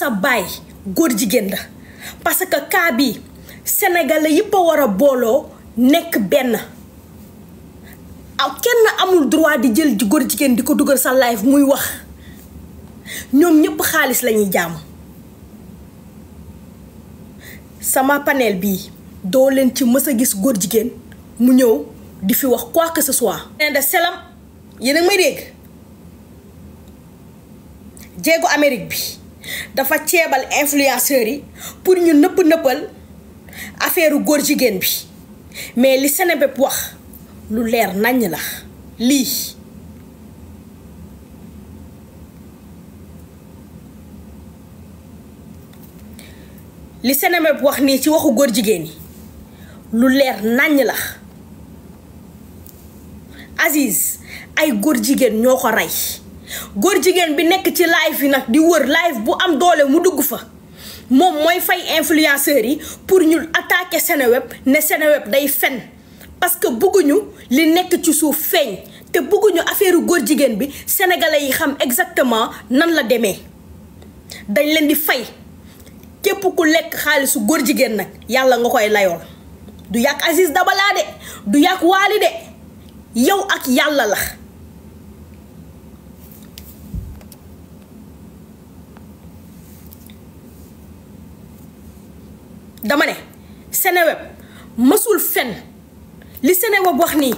sa baay góor jigéen la parce que cas bi sénégalais yëpp a war a booloo nekk benn aw kenn amul droit di jël góor jigéen di ko dugal sa live muy wax ñoom ñëpp xaalis lañuy jàmm sama panel bi doo leen ci mës a gis góor jigéen mu ñëw di fi wax quoi que ce soit. nee na selam yéen a dégg jéego Amérique bi. dafa ceebal influenceurs yi pour ñu nëpp nëppal affaire góor jigéen bi mais li Seneweb wax lu leer naññ la lii li Seneweb wax nii ci waxu góor jigéen yi lu leer naññ la Aziz ay góor jigéen ñoo ko rey góor jigéen bi nekk ci live yi nag di wër live bu am doole mu dugg fa moom mooy fay influenceurs yi pour ñu attaquer Seneweb ne Seneweb day fen parce que bëgguñu li nekk ci suuf feeñ te bëgguñu affaire góor jigéen bi sénégalais yi xam exactement nan la demee dañ leen di fay képp ku lekk xaalisu góor jigéen nag yàlla nga koy layoon du yàq Aziz Dabala de du yàq Waly de yow ak yàlla la. dama ne Seneweb mësul fen li Seneweb wax nii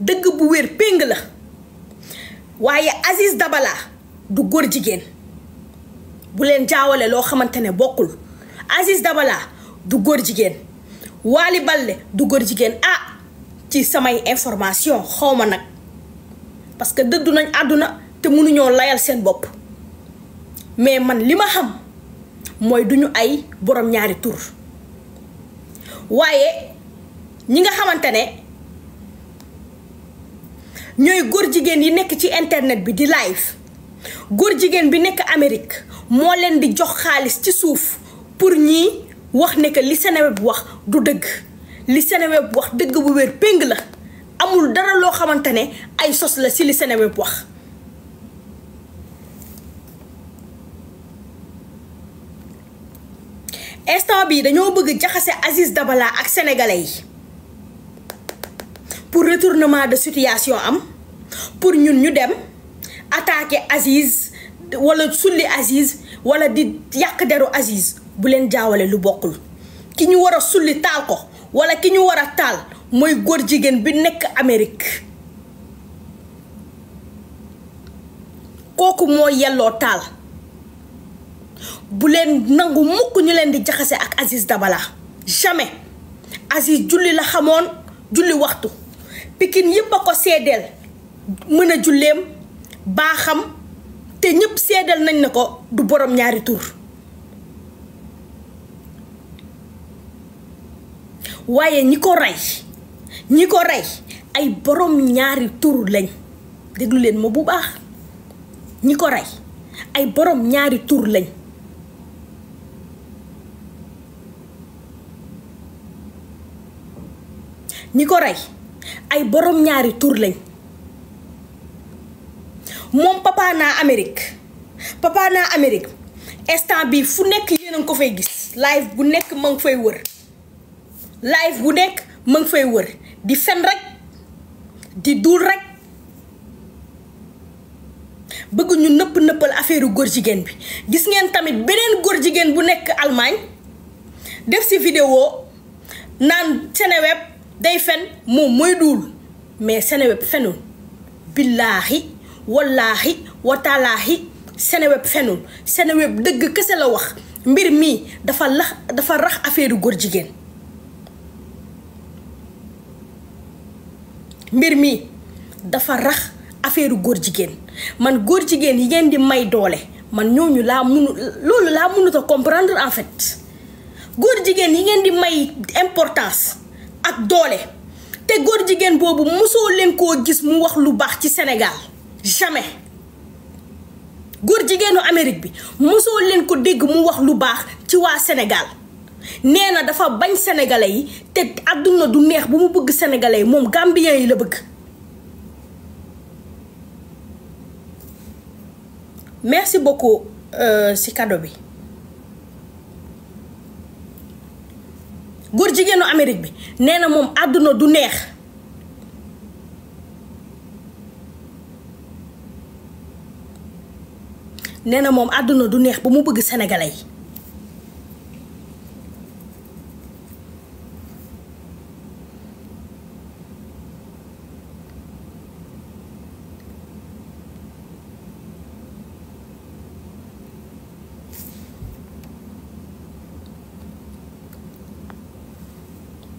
dëgg bu wér peng la waaye Aziz Dabala du góor jigéen bu leen jaawale loo xamante ne bokkul Aziz Dabala du góor jigéen Waly Balde du góor jigéen ah ci samay information xawma nag parce que dëddu nañ àdduna te mënuñoo layal seen bopp mais man li ma xam mooy duñu ay borom ñaari tur waaye ñi nga xamante ne ñooy góor jigéen yi nekk ci internet bi di live góor jigéen bi nekk Amérique moo leen di jox xaalis ci suuf pour ñi wax ne que li Seneweb wax du dëgg li Seneweb wax dëgg bu wér péng la amul dara loo xamante ne ay sos la si li Seneweb wax instant bii dañoo bëgg jaxase Aziz Dabala ak sénégalais yi pour retournement de situation am pour ñun ñu dem attaquer Aziz wala sulli Aziz wala di yàq deru Aziz bu leen jaawale lu bokkul ki ñu war a sulli taal ko wala ki ñu war a taal mooy góor jigéen bi nekk Amérique kooku moo yelloo taal. bu leen nangu mukk ñu leen di jaxase ak Aziz Dabala jamais Aziz julli la xamoon julli waxtu Pikine yëpp a ko seedeel mën a julleem baaxam te ñëpp seedeel nañ ne ko du borom ñaari tur waaye ñi ko rey ñi ko rey ay borom ñaari leen ma bu baax ñi ko rey ay borom ñaari tur lañ ñi ko rey ay borom ñaari tur lañ moom papa naa Amérique papa naa bi fu nekk yéen a ko fay gis live bu nekk ma ngi fay wër di fen rek di duul rek bëgg ñu nëpp nëppal affaire góor jigéen bi gis ngeen tamit beneen góor jigéen bu nekk Allemagne def si vidéo naan Seneweb day fen moom mooy duul mais Seneweb fenul billaahi wallaahi wataalaahi Seneweb fenul Seneweb dëgg kese la wax mbir mi dafa lax dafa rax affaire góor jigéen mbir mi dafa rax affaire góor jigéen man góor jigéen yi ngeen di may doole man ñooñu laa munu loolu laa mënut a comprendre en fait góor jigéen yi ngeen di may importance ak doole te góor jigéen boobu mosoo leen koo gis mu wax lu baax ci Sénégal jamais góor jigéenu Amérique bi mosoo leen ko dégg mu wax lu baax ci waa Sénégal nee na dafa bañ sénégalais yi te àdduna du neex bu mu bëgg sénégalais yi moom gambien yi la bëgg. merci beaucoup ci euh, cadeau bi. góor jigéenu Amérique bi nee na moom àdduna du neex nee na moom àdduna du neex ba mu bëgg sénégalais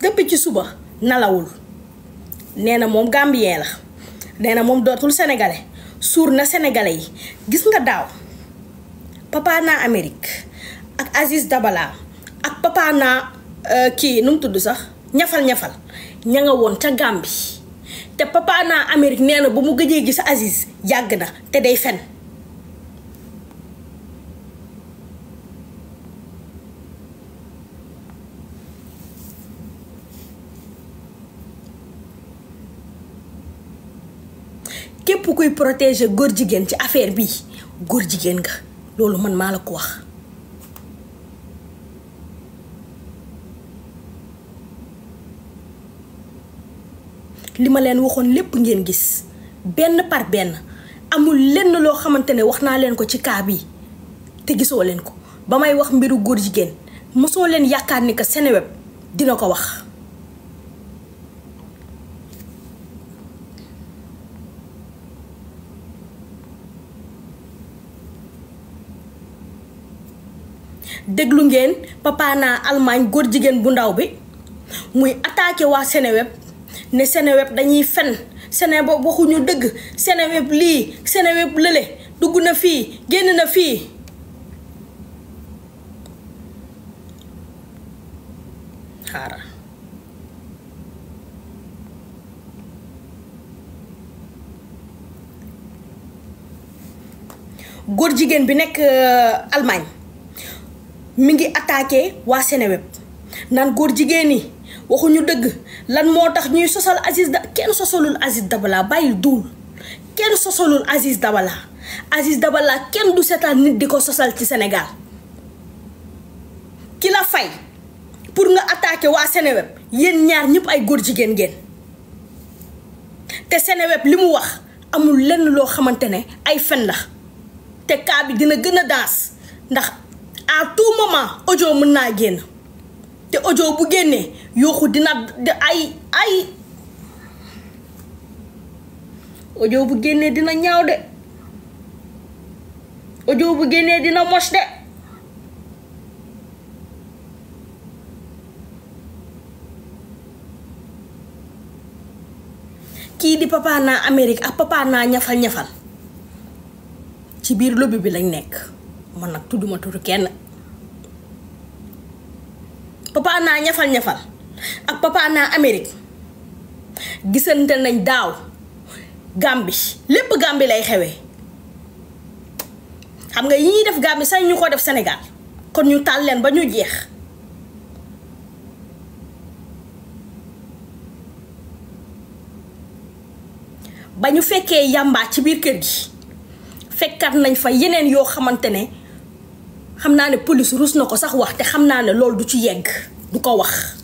depuis ci suba nalawul nee na moom gambien la nee na moom dootul sénégalais suur na sénégalais yi gis nga daaw papa naa ak Aziz dabalaa ak papa euh, kii nu mu tudd sax ñafal ñafal ña woon ca gàmbi te papa naa Amérique nee na bu mu gëjee gis Aziz yàgg na te day fen képp kuy protéger góor jigéen ci affaire bi góor jigéen nga loolu man maa la ko wax li ma leen waxoon lépp ngeen gis benn par benn amul lenn loo xamante ne wax naa leen ko ci cas bi te gisoo leen ko ba may wax mbiru góor jigéen mosoo leen yaakaar ni que Seneweb dina ko wax déglu ngeen papaanaa Allemagne góor jigéen bu ndaw bi muy attaqué waa Seneweb ne Seneweb dañuy fen Seneweb waxuñu dëgg Seneweb lii Seneweb lële dugg na fii génn na fii xaaral góor jigéen bi nekk euh, almaañ mi ngi attaqué waa Seneweb naan góor jigéen ñi waxuñu dëgg lan moo tax ñuy sosal Aziz da kenn sosalul Aziz Dabala bàyyil duul kenn sosalul Aziz Dabala Aziz Dabala kenn du seetaan nit di ko sosal ci Sénégal ki la fay pour nga attaqué waa Seneweb yéen ñaar ñëpp ay góor jigéen ngeen te Seneweb li mu wax amul lenn loo xamante ne ay fen la te cas bi dina gën a daas ndax à tout moment audio mën naa génn te audio bu génnee yooxu dina ay ay audio bu génnee dina ñaaw de audio bu génnee dina mos de kii di papa naa Amérique ak papa naa ñafal ñafal ci biir lobby bi lañ nekk man nag tudduma turu kenn naa ñafal ñafal ak papa naa gisante nañ daaw Gàmbi lépp Gàmbi lay xewee xam nga yi ñuy def Gàmbi sax ñu ko def Sénégal kon ñu taal leen ba ñu jeex ba ñu fekkee yàmbaa ci biir kër gi fekkat nañ fa yeneen yoo xamante ne xam naa ne polis rus na ko sax wax te xam naa ne loolu du ci yegg du ko wax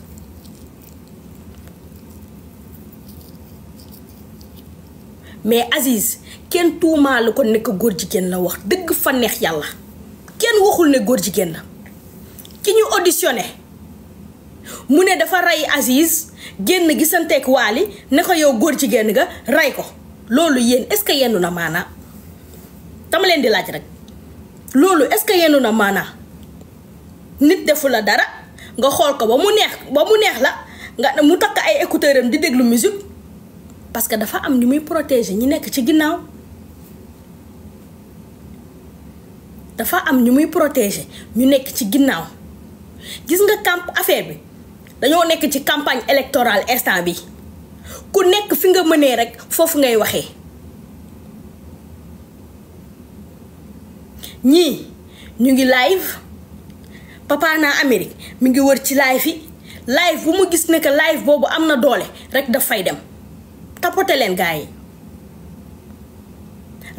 mais Aziz kenn tuumaalu ko nekk góor jigéen la wax dëgg fa yàlla kenn waxul ne góor jigéen la ki ñu auditionné mu ne dafa rey Aziz génn gisanteeg Waali ne ko yow góor jigéen ga rey ko loolu yéen est-ce que yendu na maana dama leen di laaj rek loolu est-ce que yendu na maana nit defu la dara nga xool ko ba mu neex ba mu neex la nga mu takk ay écouteurs am di déglu musique parce que dafa am ñi nekk ci ginnaaw dafa am ñu muy protéger ñu nekk ci ginnaaw gis nga camp affaire bi dañoo nekk ci campagne électorale instant bi ku nekk fi nga mënee rek foofu ngay waxee ñii ñu ngi live papaanaa Amérique mi ngi wër ci live yi live bu mu gis ne que live boobu am na doole rek daf dem tapote leen gars yi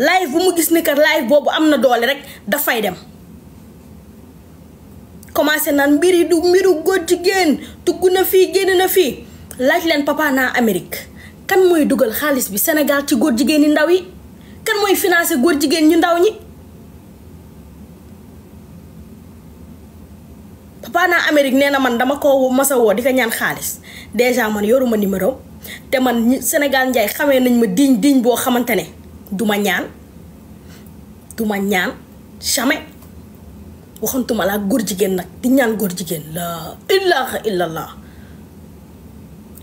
live bu mu gis ne que live boobu am na doole rek dafay dem commencé naan mbir yi du mbiru góor jigéen dugg na fii génn na fii laaj leen papaanaa Amérique kan mooy dugal xaalis bi senegal ci góor jigéen yi ndaw yi kan mooy financé góor jigéen ñu ndaw ñi. pana Amérique nee na man dama ko masa woo di ko ñaan xaalis dèjà man yoruma numéro te man Sénégal Ndiaye xamee nañ ma diñ diñ boo xamante ne duma ñaan du ma ñaan jamais waxantuma laa góor jigéen nag di ñaan góor jigéen la ilaha illallah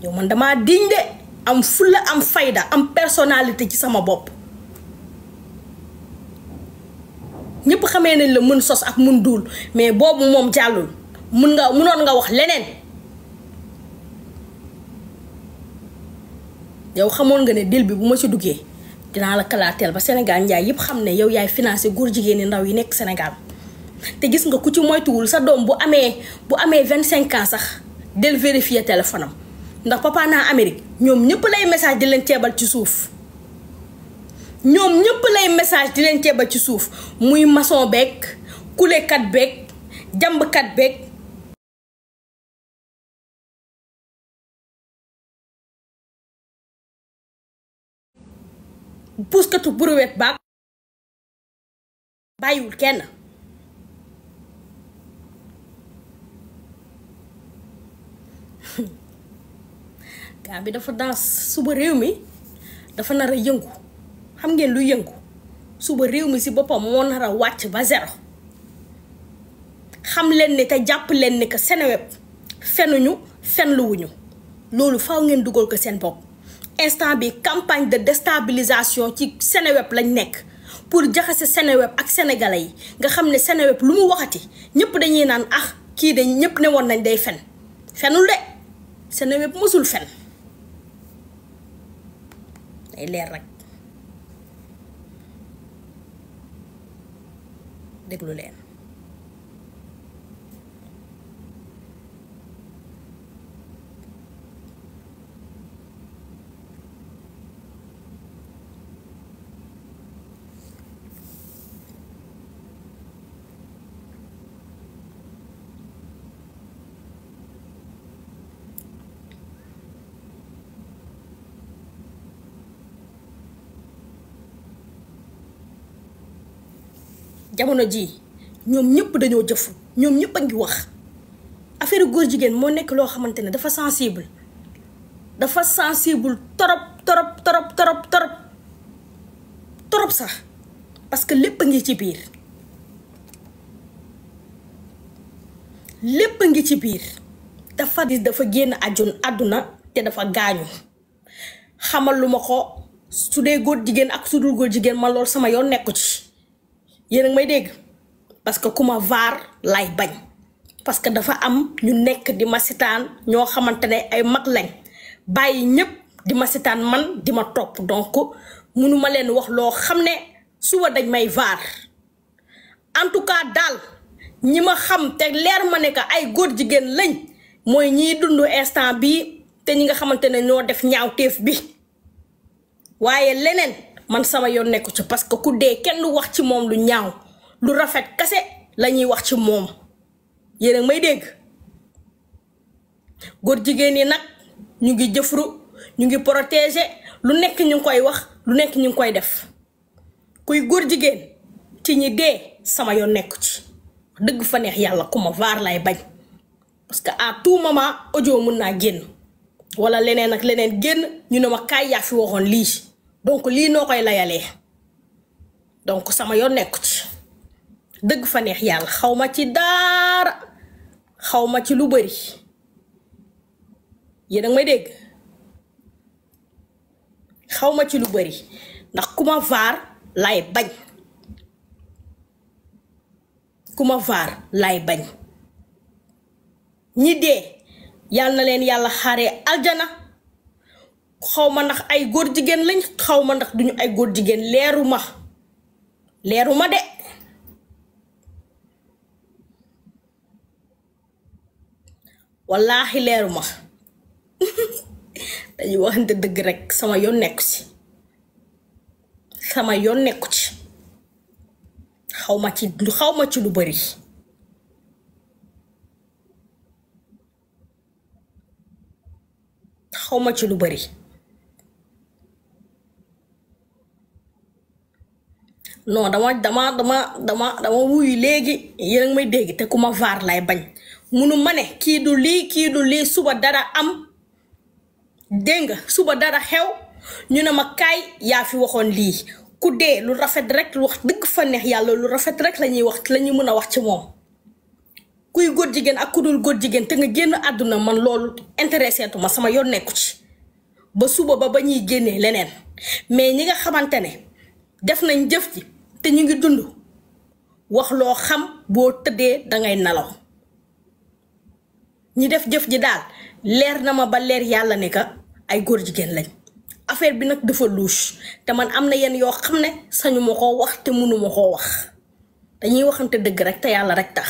yow man damaa diñ de am fulla am fayda am personnalité ci sama bopp ñépp xamee nañ la mën sos ak mën duul mais boobu moom jàllul mun nga munoon nga wax leneen yow xamoon nga ne dil bi bu ma ci duggee dinaa la kalaateel ba Sénégal njaay yëpp xam ne yow yaay financé góor jigéeni ndaw yi nekk Sénégal te gis nga ku ci moytuwul sa doom bu amee bu amee vingt cinq sax del vérifier téléphone ndax papa naa Amérique lay message di leen ceebal ci suuf ñoom ñëpp lay message di leen ceebal ci suuf muy maçon beeg kulekat beeg jàmbkat beeg puskatu brouette baag bàyyiwul kenn gaa bi dafa dans suba réew mi dafa nar a yëngu xam ngeen lu yëngu suba réew mi si boppam moo nar a wàcc ba zéro xam leen ni te jàpp leen ni que Seneweb fenuñu fenluwuñu loolu faw ngeen dugal ko seen bopp instant bi campagne de destabilisation ci Seneweb lañ nekk pour jaxase Seneweb ak sénégalais yi nga xam ne Seneweb lu mu waxati ñëpp dañuy naan ah kii de ñëpp ne woon nañ day fen fenul de Seneweb mosul fen day leer rek jamono jii ñoom ñëpp dañoo jëf ñoom ñëpp a ngi wax affaire góor jigéen moo nekk loo xamante ne dafa sensible dafa sensible torop torop torop torop torop torop sax parce que lépp a ngi ci biir lépp a ngi ci biir dafa di dafa génn àjjun àdduna te dafa gaañu xamal lu ma ko su dee góor jigéen ak su dul góor jigéen man loolu sama yoon nekku ci yéen may dégg parce que ku ma vaar lay bañ parce que dafa am ñu nekk di ma sitaan ñoo xamante ne ay mag lañ bàyyi ñëpp di ma sitaan man di ma topp donc munu leen wax loo xam ne suba dañ may vaar en tout cas daal ñi ma xam te leer ma ne que ay góor jigéen lañ mooy ñiy dund instant bi te ñi nga xamante ne ñoo def ñaaw ñaawteef bi waaye leneen. man sama yoon nekku ci parce que ku dee kenn lu wax ci moom lu ñaaw lu rafet kase lañuy wax ci moom yéen may dégg góor jigéen ñi nag ñu ngi jëfru ñu ngi protéger lu nekk ñu ngi koy wax lu nekk ñu ngi koy def kuy góor jigéen ci ñi dee sama yoon nekku ci dëgg fa neex yàlla ku ma vaar lay bañ parce que à tout moment audio mun naa génn wala leneen ak leneen génn ñu ne ma kaay yaa fi waxoon lii donc lii noo koy layalee donc sama yoon nekku ci dëgg fa neex yàlla xaw ma ci daara xaw ma ci lu bari yéen a ngi dégg xaw ci lu bari ndax ku ma vaar lay bañ ku ma vaar laay bañ ñi dee yàlla na leen yàlla xaaree aljana xaw ma ndax ay góor jigéen lañ xaw ma ndax duñu ay góor jigéen leeru ma leeru ma de wallaahi leeru ma dañuy waxante dëgg rekk sama yoon nekku ci sama yoon nekku ci xaw ma ci xaw ma ci lu bari xaw ma ci lu bari non dama dama dama dama dama wuyu léegi yéen a may dégg te ku ma vaar lay bañ munu ma ne kii du lii kii du lii suba dara am dégg nga suba dara xew ñu ne ma kaay yaa fi waxoon lii ku dee lu rafet rek lu wax dëgg fa neex yàlla lu rafet rek la ñuy wax la ñuy mën a wax ci moom kuy góor jigéen ak ku dul góor jigéen te nga génn àdduna man loolu intéressé tu ma sama yoon nekku ci ba suba ba ba ñuy génnee leneen mais ñi nga xamante ne def nañ jëf ji te ñu ngi dund wax loo xam boo tëddee dangay nelaw ñi def jëf ji daal leer na ma ba leer yàlla ne ka ay góor jigéen lañ affaire bi nag dafa louche te man am na yenn yoo xam ne sañu ma koo wax te mënu ma koo wax dañuy waxante dëgg rek te yàlla rek tax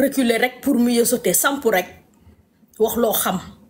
reculer rek pour mieux sauter samp rek wax loo xam